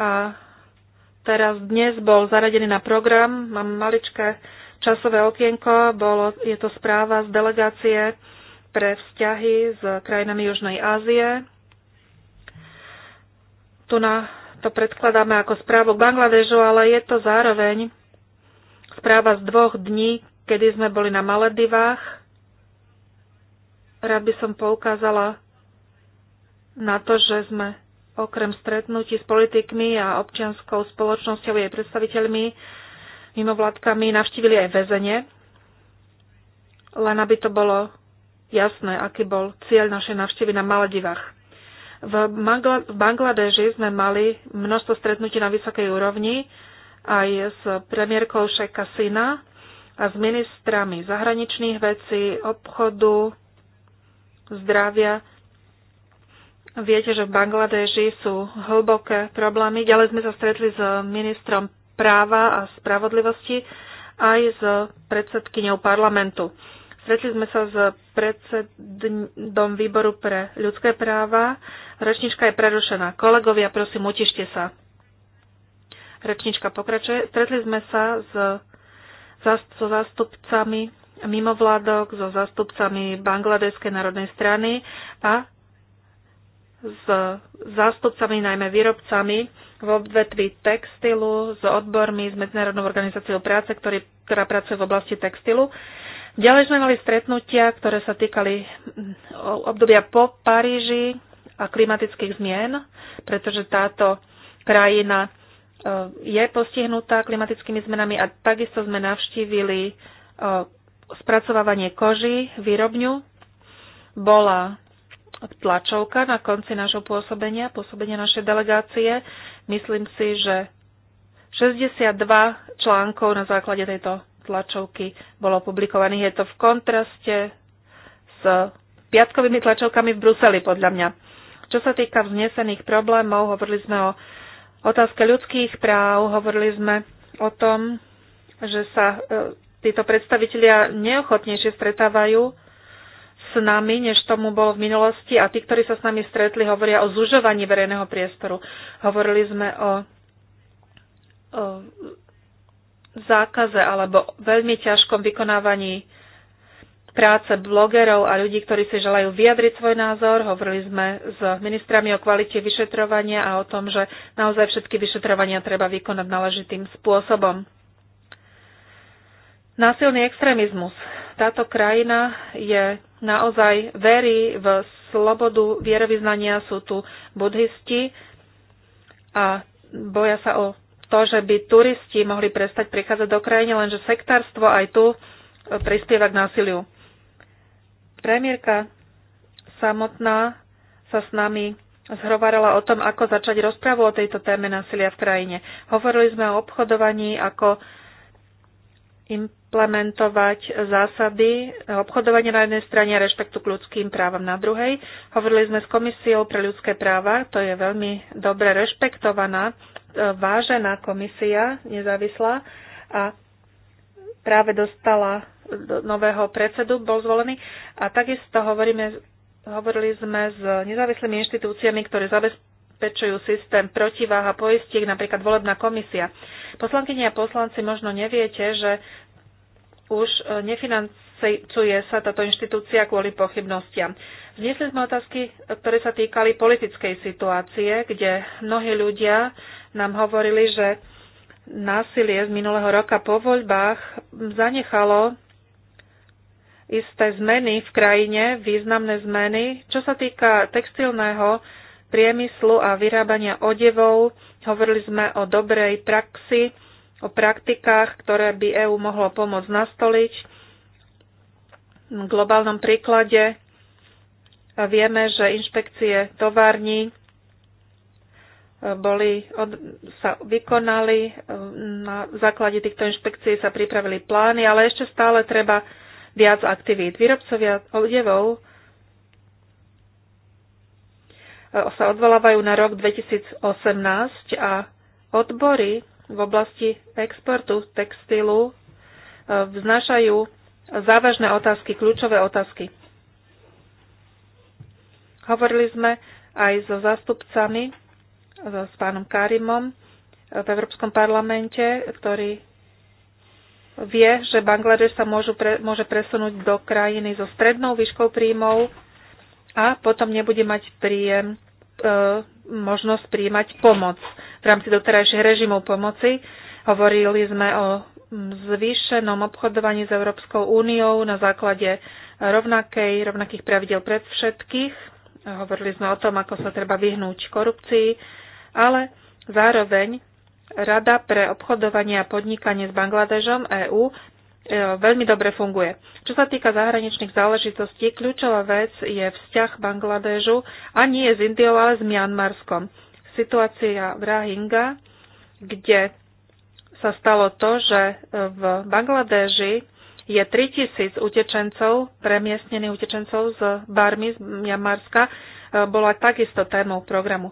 a teraz dnes bol zaradený na program. Mám maličké časové okienko. Bolo, je to správa z delegácie pre vzťahy s krajinami Južnej Ázie. Tu na to predkladáme ako správu k Bangladežu, ale je to zároveň správa z dvoch dní, kedy sme boli na Maledivách. Rád by som poukázala na to, že sme okrem stretnutí s politikmi a občianskou spoločnosťou jej predstaviteľmi, mimovládkami, navštívili aj väzenie, len aby to bolo jasné, aký bol cieľ našej navštívy na Maledivách. V, Mangla- v Bangladeži sme mali množstvo stretnutí na vysokej úrovni aj s premiérkou Šeka Sina a s ministrami zahraničných vecí, obchodu, zdravia, Viete, že v Bangladeži sú hlboké problémy. Ďalej sme sa stretli s ministrom práva a spravodlivosti aj s predsedkyňou parlamentu. Stretli sme sa s predsedom výboru pre ľudské práva. Rečnička je prerušená. Kolegovia, prosím, utište sa. Rečnička pokračuje. Stretli sme sa s, so zástupcami mimovládok, so zástupcami Bangladeskej národnej strany a s zástupcami, najmä výrobcami v odvetví textilu, s odbormi, s Medzinárodnou organizáciou práce, ktorý, ktorá pracuje v oblasti textilu. Ďalej sme mali stretnutia, ktoré sa týkali mm, obdobia po Paríži a klimatických zmien, pretože táto krajina e, je postihnutá klimatickými zmenami a takisto sme navštívili e, spracovávanie koží, výrobňu. Bola tlačovka na konci nášho pôsobenia, pôsobenia našej delegácie. Myslím si, že 62 článkov na základe tejto tlačovky bolo publikovaných. Je to v kontraste s piatkovými tlačovkami v Bruseli, podľa mňa. Čo sa týka vznesených problémov, hovorili sme o otázke ľudských práv, hovorili sme o tom, že sa e, títo predstavitelia neochotnejšie stretávajú s nami, než tomu bolo v minulosti a tí, ktorí sa s nami stretli, hovoria o zužovaní verejného priestoru. Hovorili sme o, o zákaze alebo veľmi ťažkom vykonávaní práce blogerov a ľudí, ktorí si želajú vyjadriť svoj názor. Hovorili sme s ministrami o kvalite vyšetrovania a o tom, že naozaj všetky vyšetrovania treba vykonať náležitým spôsobom. Násilný extrémizmus táto krajina je naozaj verí v slobodu vierovýznania, sú tu buddhisti a boja sa o to, že by turisti mohli prestať prichádzať do krajiny, lenže sektárstvo aj tu e, prispieva k násiliu. Premiérka samotná sa s nami zhrovarala o tom, ako začať rozprávu o tejto téme násilia v krajine. Hovorili sme o obchodovaní, ako im implementovať zásady obchodovania na jednej strane a rešpektu k ľudským právam na druhej. Hovorili sme s Komisiou pre ľudské práva, to je veľmi dobre rešpektovaná, e, vážená komisia, nezávislá a práve dostala nového predsedu, bol zvolený. A takisto hovoríme, hovorili sme s nezávislými inštitúciami, ktoré zabezpečujú systém protiváha a poistiek, napríklad volebná komisia. Poslankyne a poslanci možno neviete, že už e, nefinancuje sa táto inštitúcia kvôli pochybnostiam. Vznesli sme otázky, ktoré sa týkali politickej situácie, kde mnohí ľudia nám hovorili, že násilie z minulého roka po voľbách zanechalo isté zmeny v krajine, významné zmeny. Čo sa týka textilného priemyslu a vyrábania odevov, hovorili sme o dobrej praxi, o praktikách, ktoré by EÚ mohlo pomôcť nastoliť. V globálnom príklade vieme, že inšpekcie tovární eh, boli, od, sa vykonali, eh, na základe týchto inšpekcií sa pripravili plány, ale ešte stále treba viac aktivít. Výrobcovia odevov eh, sa odvolávajú na rok 2018 a odbory v oblasti exportu textilu e, vznášajú závažné otázky, kľúčové otázky. Hovorili sme aj so zástupcami, so, e, s pánom Karimom e, v Európskom parlamente, ktorý vie, že Bangladeš sa môžu pre, môže presunúť do krajiny so strednou výškou príjmov a potom nebude mať príjem, e, možnosť príjmať pomoc v rámci doterajších režimov pomoci. Hovorili sme o zvýšenom obchodovaní s Európskou úniou na základe rovnakej, rovnakých pravidel pred všetkých. Hovorili sme o tom, ako sa treba vyhnúť korupcii, ale zároveň Rada pre obchodovanie a podnikanie s Bangladežom EÚ e, veľmi dobre funguje. Čo sa týka zahraničných záležitostí, kľúčová vec je vzťah Bangladežu a nie s Indiou, ale s Mianmarskom situácia v Rahinga, kde sa stalo to, že v Bangladeži je 3000 utečencov, premiestnených utečencov z Barmy, z Mianmarska, eh, bola takisto témou programu.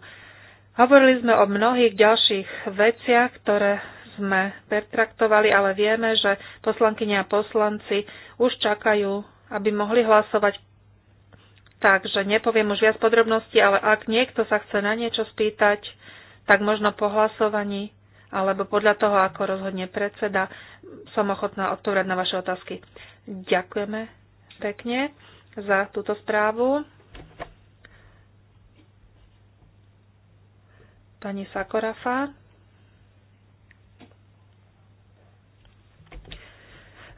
Hovorili sme o mnohých ďalších veciach, ktoré sme pertraktovali, ale vieme, že poslankyne a poslanci už čakajú, aby mohli hlasovať Takže nepoviem už viac podrobností, ale ak niekto sa chce na niečo spýtať, tak možno po hlasovaní alebo podľa toho, ako rozhodne predseda, som ochotná odpovedať na vaše otázky. Ďakujeme pekne za túto správu. Pani Sakorafa.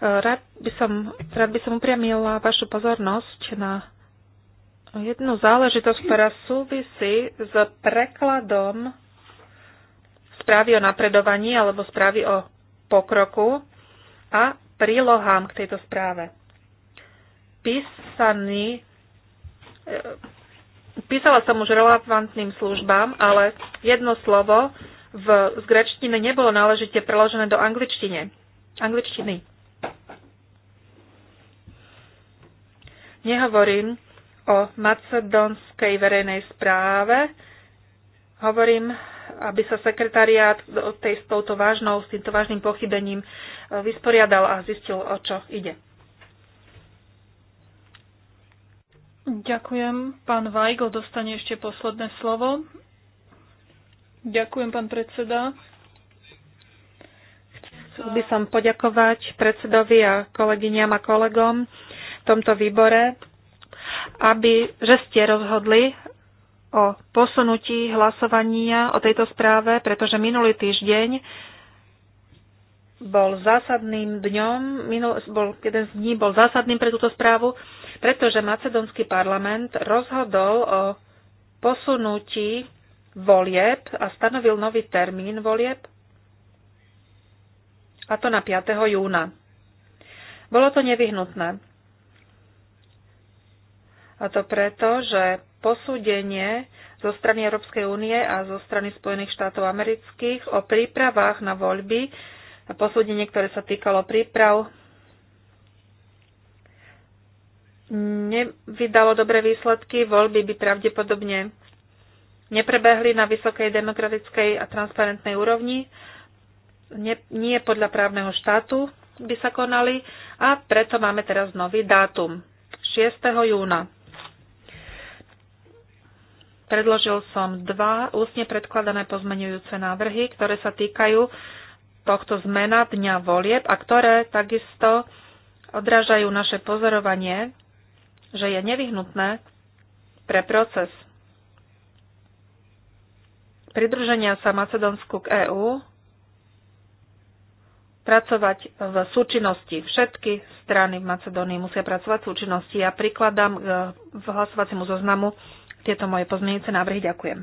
Rád by som, rád by som upriamila vašu pozornosť na jednu záležitosť, ktorá súvisí s prekladom správy o napredovaní alebo správy o pokroku a prílohám k tejto správe. Písaný, e, písala som už relevantným službám, ale jedno slovo v, z grečtiny nebolo náležite preložené do angličtine. angličtiny. Nehovorím, o macedonskej verejnej správe. Hovorím, aby sa sekretariát tej, s, touto vážnou, s týmto vážnym pochybením e, vysporiadal a zistil, o čo ide. Ďakujem. Pán Vajgo dostane ešte posledné slovo. Ďakujem, pán predseda. Chcel by som poďakovať predsedovi a kolegyňam a kolegom v tomto výbore aby, že ste rozhodli o posunutí hlasovania o tejto správe, pretože minulý týždeň bol zásadným dňom, minul, bol, jeden z dní bol zásadným pre túto správu, pretože macedónsky parlament rozhodol o posunutí volieb a stanovil nový termín volieb, a to na 5. júna. Bolo to nevyhnutné. A to preto, že posúdenie zo strany Európskej únie a zo strany Spojených štátov amerických o prípravách na voľby, posúdenie, ktoré sa týkalo príprav, nevydalo dobré výsledky, voľby by pravdepodobne neprebehli na vysokej demokratickej a transparentnej úrovni, Nie, nie podľa právneho štátu by sa konali a preto máme teraz nový dátum 6. júna Predložil som dva ústne predkladané pozmenujúce návrhy, ktoré sa týkajú tohto zmena dňa volieb a ktoré takisto odrážajú naše pozorovanie, že je nevyhnutné pre proces pridruženia sa Macedónsku k EÚ pracovať v súčinnosti. Všetky strany v Macedónii musia pracovať v súčinnosti. Ja prikladám e, v hlasovacímu zoznamu tieto moje pozmeňujúce návrhy. Ďakujem.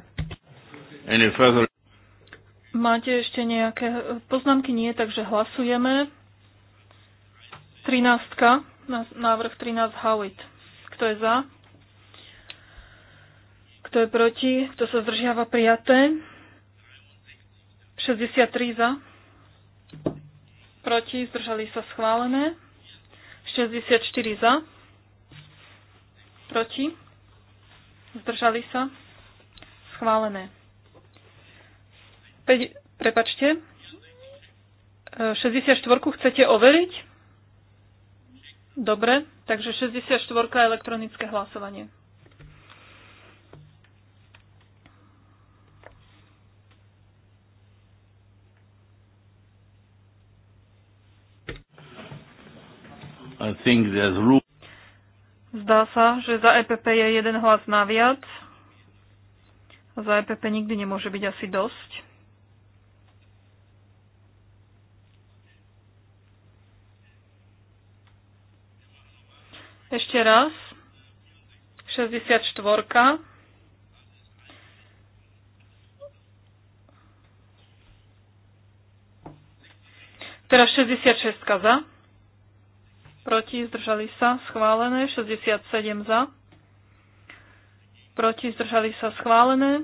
Máte ešte nejaké poznámky? Nie, takže hlasujeme. 13. Návrh 13 Howitt. Kto je za? Kto je proti? Kto sa zdržiava prijaté? 63 za. Proti? Zdržali sa schválené. 64 za. Proti? zdržali sa, schválené. 5, prepačte, 64 e, chcete overiť? Dobre, takže 64 elektronické hlasovanie. I think there's room. Zdá sa, že za EPP je jeden hlas naviac. Za EPP nikdy nemôže byť asi dosť. Ešte raz. 64. Teraz 66 za proti, zdržali sa, schválené, 67 za, proti, zdržali sa, schválené,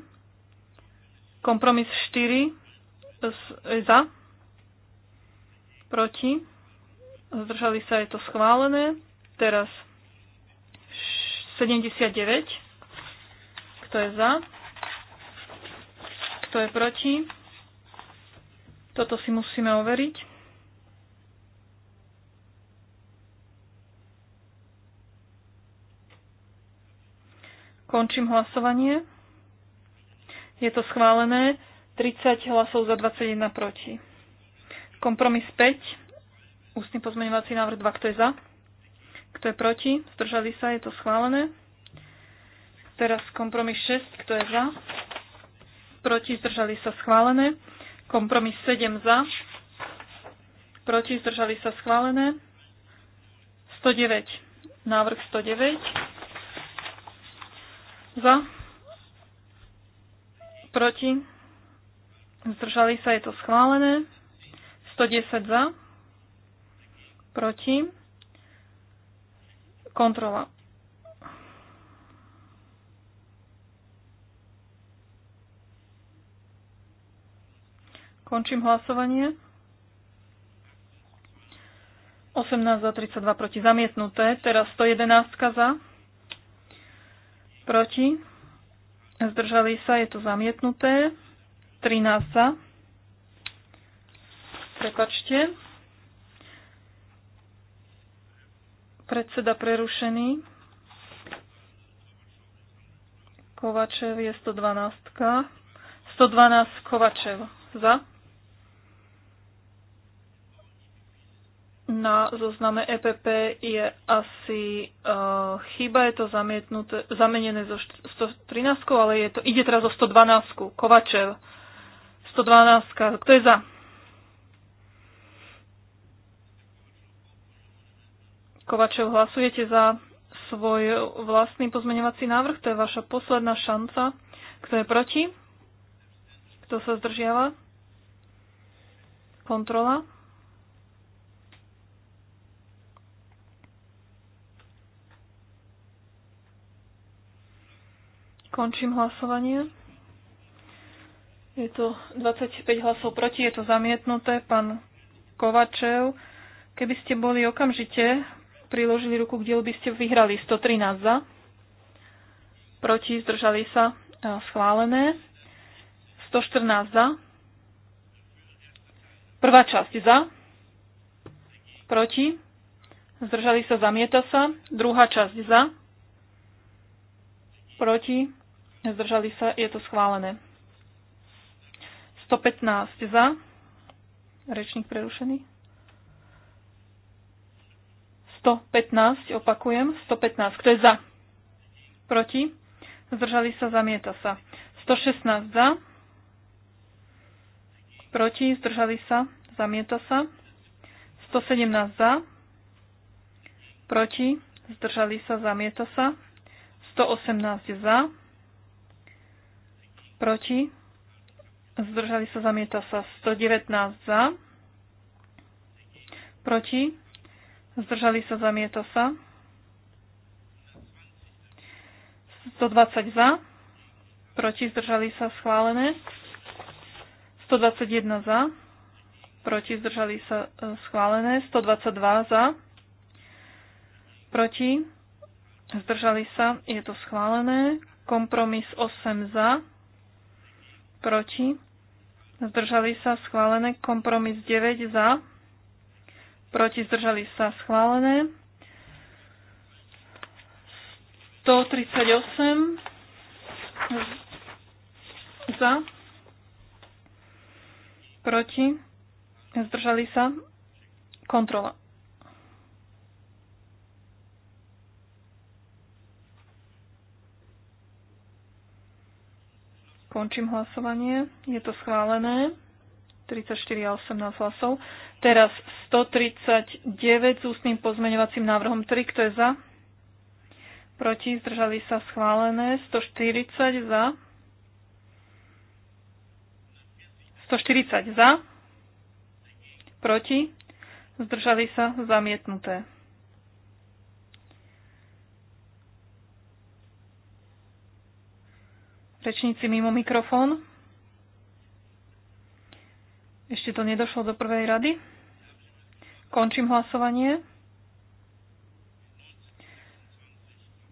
kompromis 4 e, za, proti, zdržali sa, je to schválené, teraz 79, kto je za, kto je proti, toto si musíme overiť. Končím hlasovanie. Je to schválené. 30 hlasov za 21 proti. Kompromis 5. Ústny pozmeňovací návrh 2. Kto je za? Kto je proti? Zdržali sa? Je to schválené. Teraz kompromis 6. Kto je za? Proti? Zdržali sa? Schválené. Kompromis 7 za. Proti? Zdržali sa? Schválené. 109. Návrh 109. Za? Proti? Zdržali sa, je to schválené. 110 za? Proti? Kontrola. Končím hlasovanie. 18 za 32 proti zamietnuté, teraz 111 za Proti? Zdržali sa, je to zamietnuté. 13 za. Prepačte. Predseda prerušený. Kovačev je 112. 112 Kovačev za. na zozname EPP je asi uh, chyba, je to zamietnuté, zamenené zo 113, ale je to, ide teraz o 112, Kovačev. 112, kto je za? Kovačev, hlasujete za svoj vlastný pozmeňovací návrh, to je vaša posledná šanca. Kto je proti? Kto sa zdržiava? Kontrola. Končím hlasovanie. Je to 25 hlasov proti, je to zamietnuté. Pán Kovačev, keby ste boli okamžite priložili ruku k dielu, by ste vyhrali 113 za, proti zdržali sa schválené, 114 za, prvá časť za, proti, zdržali sa, zamieta sa, druhá časť za, proti, zdržali sa, je to schválené. 115 za, rečník prerušený. 115, opakujem, 115. Kto je za? Proti? Zdržali sa, zamieta sa. 116 za, proti, zdržali sa, zamieta sa. 117 za, proti, zdržali sa, zamieta sa. 118 za, proti, zdržali sa, zamieta sa 119 za, proti, zdržali sa, zamieta sa 120 za, proti, zdržali sa, schválené 121 za, proti, zdržali sa, e, schválené 122 za, proti, zdržali sa, je to schválené, kompromis 8 za, proti, zdržali sa schválené, kompromis 9 za, proti, zdržali sa schválené, 138 za, proti, zdržali sa, kontrola. Končím hlasovanie. Je to schválené. 34 a 18 hlasov. Teraz 139 s ústnym pozmeňovacím návrhom 3. Kto je za? Proti zdržali sa schválené. 140 za. 140 za. Proti zdržali sa zamietnuté. Rečníci mimo mikrofón. Ešte to nedošlo do prvej rady. Končím hlasovanie.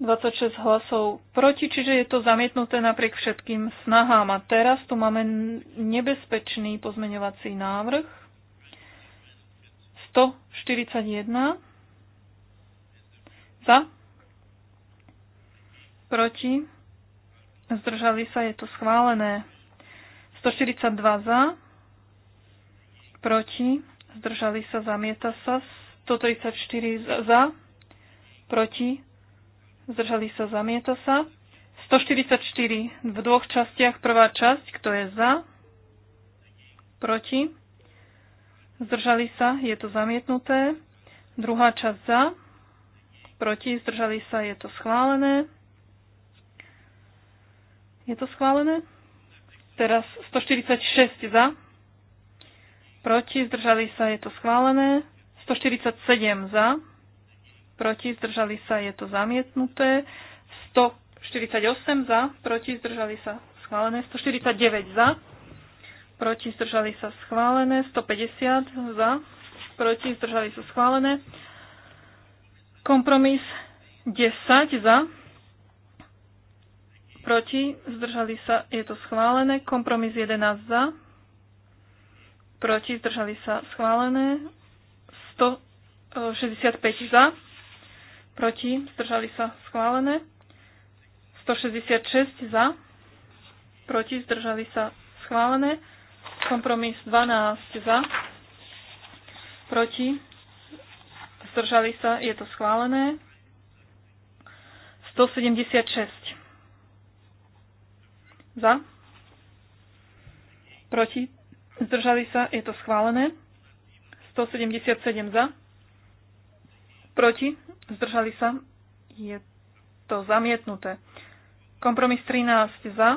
26 hlasov proti, čiže je to zamietnuté napriek všetkým snahám. A teraz tu máme nebezpečný pozmeňovací návrh 141 za, proti, Zdržali sa, je to schválené. 142 za, proti, zdržali sa, zamieta sa. 134 za, proti, zdržali sa, zamieta sa. 144 v dvoch častiach. Prvá časť, kto je za, proti, zdržali sa, je to zamietnuté. Druhá časť za, proti, zdržali sa, je to schválené. Je to schválené? Teraz 146 za. Proti, zdržali sa, je to schválené. 147 za. Proti, zdržali sa, je to zamietnuté. 148 za. Proti, zdržali sa, schválené. 149 za. Proti, zdržali sa, schválené. 150 za. Proti, zdržali sa, schválené. Kompromis 10 za proti, zdržali sa, je to schválené. Kompromis 11 za, proti, zdržali sa, schválené. 165 e, za, proti, zdržali sa, schválené. 166 za, proti, zdržali sa, schválené. Kompromis 12 za, proti, zdržali sa, je to schválené. 176 za? Proti? Zdržali sa? Je to schválené. 177 za. Proti? Zdržali sa? Je to zamietnuté. Kompromis 13 za.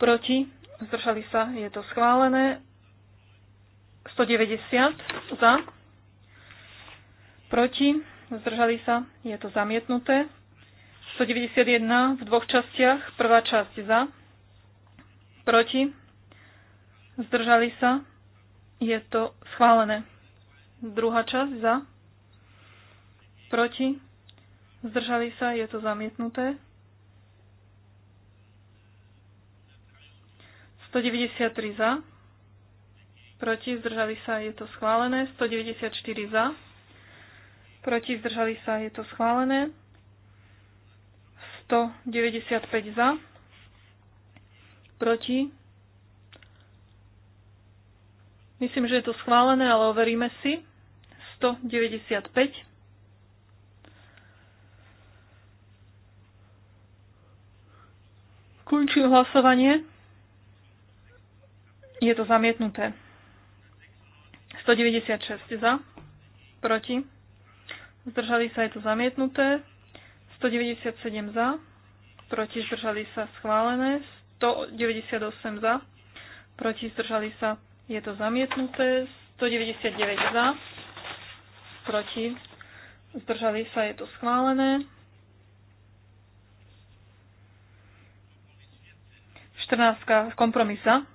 Proti? Zdržali sa? Je to schválené. 190 za. Proti? Zdržali sa? Je to zamietnuté. 191 v dvoch častiach. Prvá časť za, proti, zdržali sa, je to schválené. Druhá časť za, proti, zdržali sa, je to zamietnuté. 193 za, proti, zdržali sa, je to schválené. 194 za, proti, zdržali sa, je to schválené. 195 za, proti. Myslím, že je to schválené, ale overíme si. 195. Končím hlasovanie. Je to zamietnuté. 196 za, proti. Zdržali sa, je to zamietnuté. 197 za, proti zdržali sa schválené, 198 za, proti zdržali sa, je to zamietnuté, 199 za, proti zdržali sa, je to schválené. 14. kompromisa,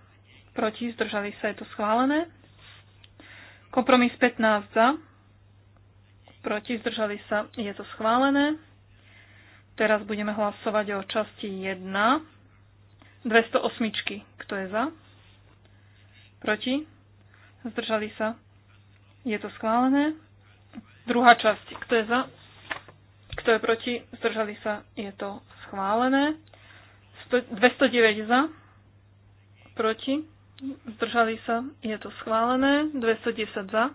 proti zdržali sa, je to schválené. Kompromis 15 za, proti zdržali sa, je to schválené. Teraz budeme hlasovať o časti 1 208. Kto je za? Proti? Zdržali sa? Je to schválené. Druhá časť. Kto je za? Kto je proti? Zdržali sa? Je to schválené. 209 za, proti, zdržali sa, je to schválené, 210 za,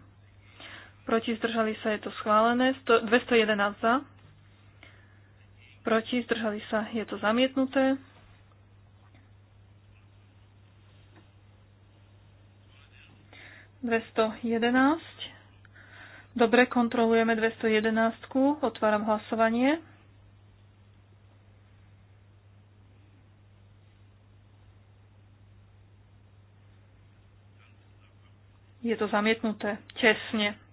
proti, zdržali sa, je to schválené, 211 za, proti, zdržali sa, je to zamietnuté. Dvesto Dobre, kontrolujeme 211. Otváram hlasovanie. Je to zamietnuté. Tesne.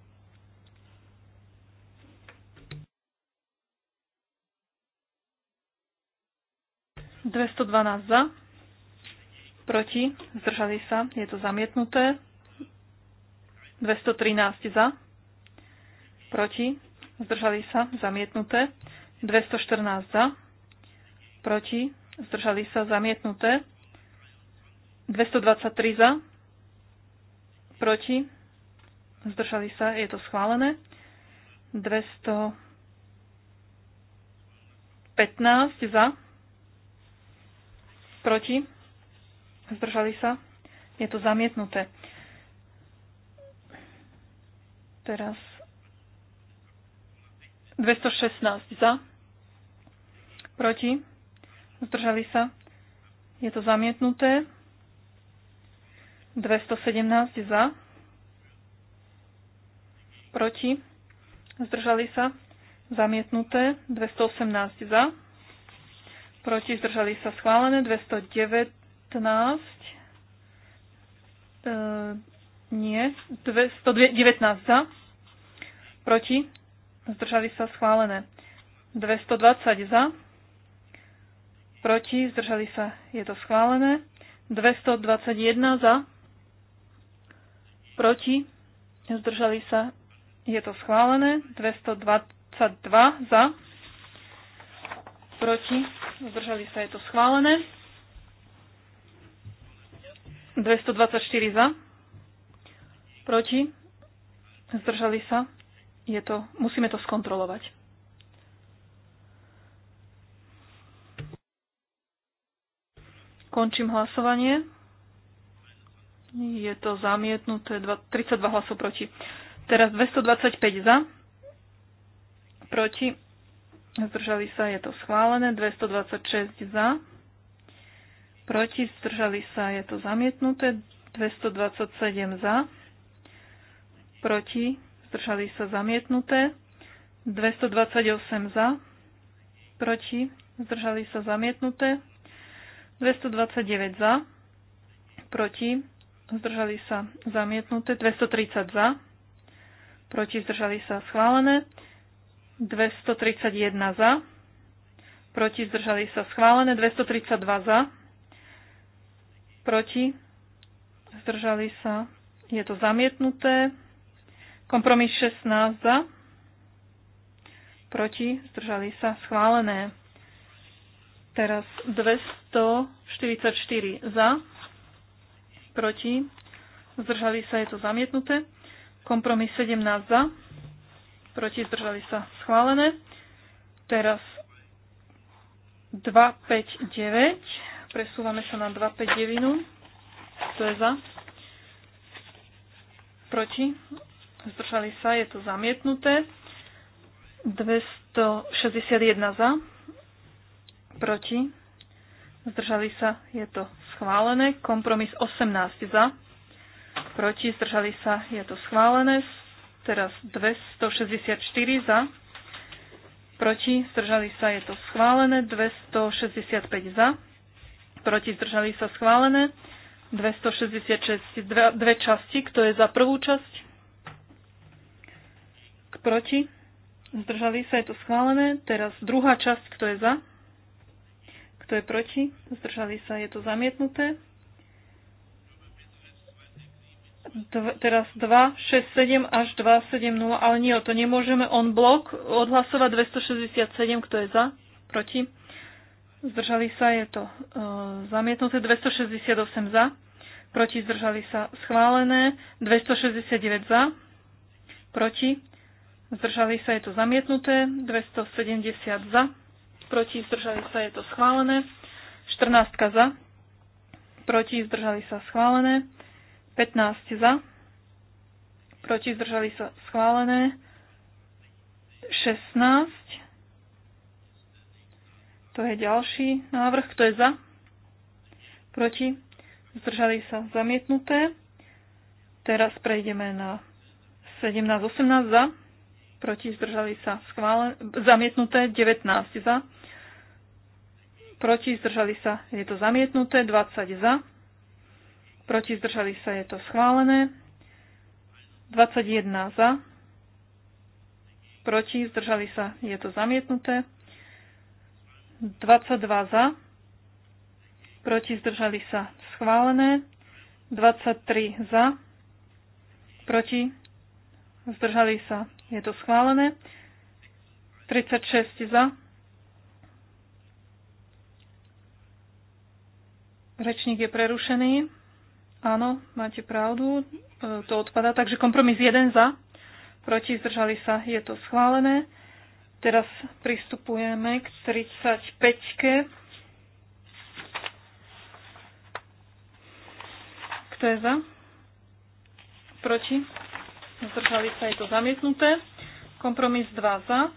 212 za, proti, zdržali sa, je to zamietnuté. 213 za, proti, zdržali sa, zamietnuté. 214 za, proti, zdržali sa, zamietnuté. 223 za, proti, zdržali sa, je to schválené. 215 za, Proti? Zdržali sa? Je to zamietnuté. Teraz 216 za. Proti? Zdržali sa? Je to zamietnuté. 217 za. Proti? Zdržali sa? Zamietnuté. 218 za proti zdržali sa schválené, 219, e, nie, 219 za, proti zdržali sa schválené, 220 za, proti zdržali sa, je to schválené, 221 za, proti, zdržali sa, je to schválené, 222 za, proti, zdržali sa, je to schválené. 224 za, proti, zdržali sa, je to, musíme to skontrolovať. Končím hlasovanie. Je to zamietnuté, 32 hlasov proti. Teraz 225 za, proti, zdržali sa, je to schválené, 226 za, proti, zdržali sa, je to zamietnuté, 227 za, proti, zdržali sa, zamietnuté, 228 za, proti, zdržali sa, zamietnuté, 229 za, proti, zdržali sa, zamietnuté, 230 za, proti, zdržali sa, schválené, 231 za, proti zdržali sa schválené, 232 za, proti zdržali sa, je to zamietnuté, kompromis 16 za, proti zdržali sa schválené. Teraz 244 za, proti zdržali sa, je to zamietnuté, kompromis 17 za, proti zdržali sa schválené. Teraz 259, presúvame sa na 259, to je za, proti, zdržali sa, je to zamietnuté, 261 za, proti, zdržali sa, je to schválené, kompromis 18 za, proti, zdržali sa, je to schválené, Teraz 264 za, proti, zdržali sa, je to schválené. 265 za, proti, zdržali sa, schválené. 266, dve, dve časti, kto je za prvú časť, k proti, zdržali sa, je to schválené. Teraz druhá časť, kto je za, kto je proti, zdržali sa, je to zamietnuté teraz 2, 6, 7 až 270, 0, ale nie, to nemôžeme on blok odhlasovať 267, kto je za, proti. Zdržali sa, je to e, zamietnuté 268 za, proti zdržali sa schválené 269 za, proti zdržali sa, je to zamietnuté 270 za, proti zdržali sa, je to schválené 14 za, proti zdržali sa schválené 15 za, proti zdržali sa schválené, 16, to je ďalší návrh, kto je za, proti zdržali sa zamietnuté. Teraz prejdeme na 17, 18 za, proti zdržali sa schválen, zamietnuté, 19 za, proti zdržali sa, je to zamietnuté, 20 za, proti zdržali sa, je to schválené. 21 za, proti zdržali sa, je to zamietnuté. 22 za, proti zdržali sa, schválené. 23 za, proti zdržali sa, je to schválené. 36 za, Rečník je prerušený. Áno, máte pravdu, e, to odpada. Takže kompromis 1 za, proti zdržali sa, je to schválené. Teraz pristupujeme k 35 Kto je za? Proti? Zdržali sa, je to zamietnuté. Kompromis 2 za.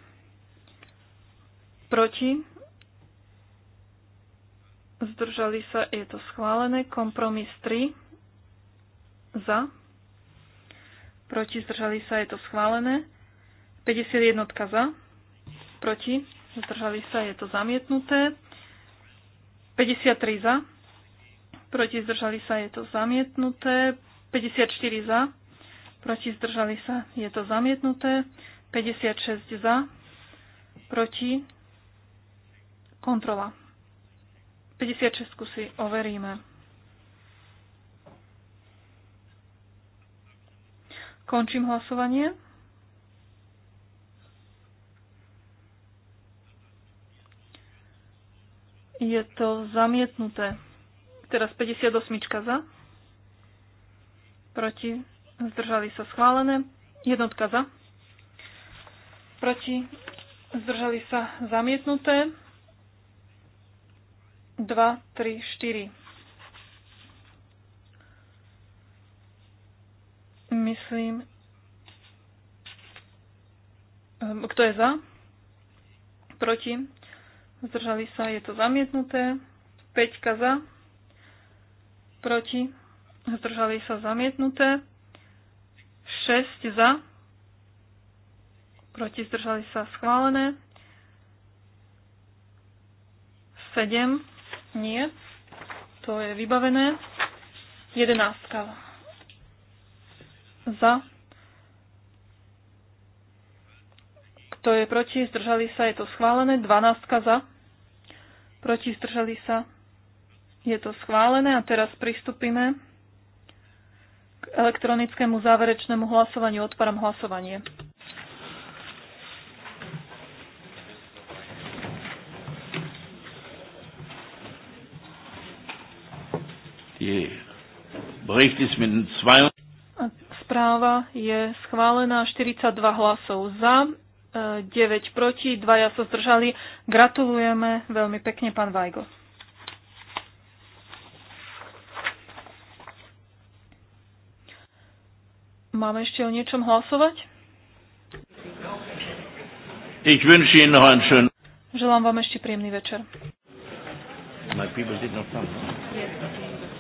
Proti? Zdržali sa, je to schválené. Kompromis 3 za, proti, zdržali sa, je to schválené. 51 za, proti, zdržali sa, je to zamietnuté. 53 za, proti, zdržali sa, je to zamietnuté. 54 za, proti, zdržali sa, je to zamietnuté. 56 za, proti, kontrola. 56 si overíme. Končím hlasovanie. Je to zamietnuté. Teraz 58 za. Proti. Zdržali sa schválené. Jednotka za. Proti. Zdržali sa zamietnuté. 2, 3, 4 myslím. Ehm, kto je za? Proti? Zdržali sa, je to zamietnuté. Peťka za. Proti? Zdržali sa, zamietnuté. 6 za. Proti zdržali sa schválené. 7 nie. To je vybavené. 11 za, kto je proti, zdržali sa, je to schválené. 12 za, proti, zdržali sa, je to schválené. A teraz pristúpime k elektronickému záverečnému hlasovaniu. Otváram hlasovanie. Die Bericht ist mit 22. Správa je schválená 42 hlasov za, 9 e, proti, ja sa zdržali. Gratulujeme veľmi pekne, pán Vajgo. Máme ešte o niečom hlasovať? Ich wünsche Ihnen noch einen schönen Želám vám ešte príjemný večer. My people did not come. Yes.